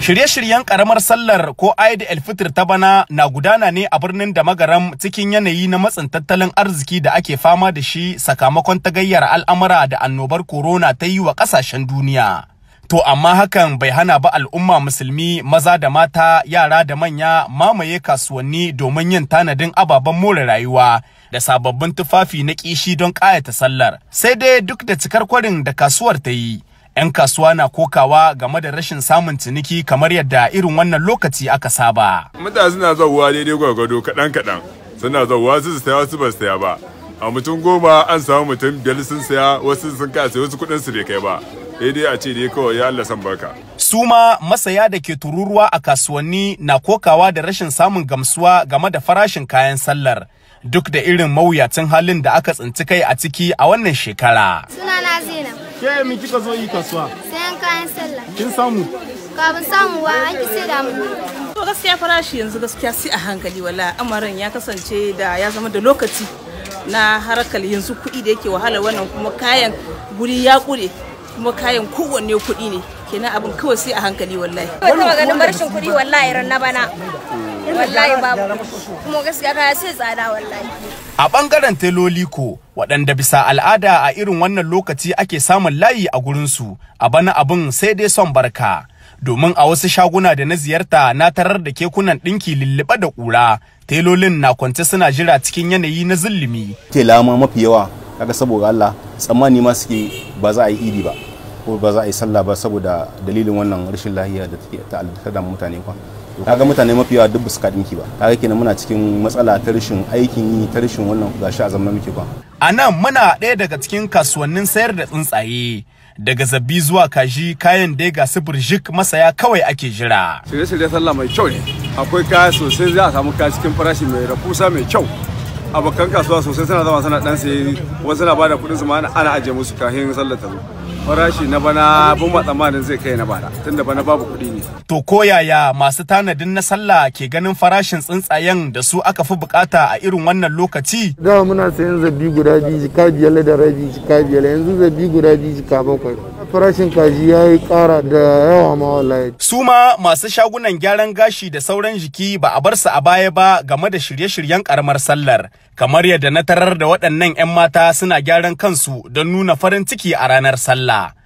Shirye-shiryen karamar sallar ko Eid el-Fitr ta bana na gudana ne a birnin da magaram cikin yanayi na matsin tattalin arziki da ake fama da shi sakamakon tagayyar al'amura da annobar corona ta yi wa kasashen duniya. To amma hakan bai hana ba al'umma musulmi maza da mata yara da manya mamaye kasuwanni domin yin tanadin ababen more rayuwa da sababbin tufafi na kishi don ƙayata sallar. Sai dai duk da cikar kwarin da kasuwar ta yi. 'yan kasuwa na kokawa game da rashin samun ciniki kamar yadda irin wannan lokaci aka saba. Mutane suna zauwa daidai gwargwado kaɗan-kaɗan suna zauwa su saya wasu ba saya ba. A mutum goma an samu mutum biyar sun saya wasu sun kasa wasu kuɗin su bai kai ba. Daidai a ce dai kawai ya Allah san barka. Suma, masaya da ke tururuwa a kasuwanni na kokawa da rashin samun gamsuwa game da farashin kayan sallar. Duk da irin mawuyacin halin da aka tsinci kai a ciki a wannan shekara. na Ke mi kika zo yi kasuwa? Sayan kayan sallah. Kin samu? Kafin samu an ki sai da mu. To gaskiya farashi yanzu gaskiya sai a hankali wala amarin ya kasance da ya zama da lokaci na harkar yanzu kuɗi da yake wahala wannan kuma kayan guri ya ƙure kuma kayan kowanne kuɗi ne kenan abin kawai sai a hankali wallahi. barshin kuɗi wallahi ran na bana. Wallahi babu. Kuma gaskiya kaya sai tsada wallahi. A ɓangaren teloli ko waɗanda bisa al'ada a irin wannan lokaci ake samun layi a gurinsu a bana abin sai dai son barka domin a wasu shaguna da na ziyarta na tarar da kekunan ɗinki lullube da ƙura telolin na kwance suna jira cikin yanayi na zullumi tela lama mafi yawa kaga saboda Allah tsammani ma suke ba za a yi idi ba ko ba za a yi sallah ba saboda dalilin wannan rashin lahiya da take ta mutane kwa kaga mutane mafi yawa duk su dinki ba kaga kenan muna cikin matsala ta rashin aikin yi ta rashin wannan gashi a zaman muke ba a nan muna ɗaya daga cikin kasuwannin sayar da tsuntsaye daga zabi zuwa kaji kayan dai ga su burjik masaya kawai ake jira shirye-shirye sallah mai kyau ne akwai kaya sosai za a samu kaya cikin farashi mai rakusa mai kyau abokan kasuwa sosai suna zama suna dan sayi wasu na bada kuɗin su ma ana ajiye musu kayan sallar ta zo farashi na bana bin ba tsammanin zai kai na bana tunda bana babu kuɗi ne. To ko yaya masu tanadin na sallah ke ganin farashin tsuntsayen da su aka fi bukata a irin wannan lokaci? Da muna sayan zabi guda biyu jika biyar da rabi jika biyar yanzu zabi guda biyu jika bakwai. farashin kaji ya yi ƙara da yawa ma wallahi. Su ma masu shagunan gyaran gashi da sauran jiki ba a bar su a baya ba game da shirye-shiryen ƙaramar sallar. Kamar yadda na tarar da waɗannan 'yan mata suna gyaran kansu don nuna farin ciki a ranar sallah.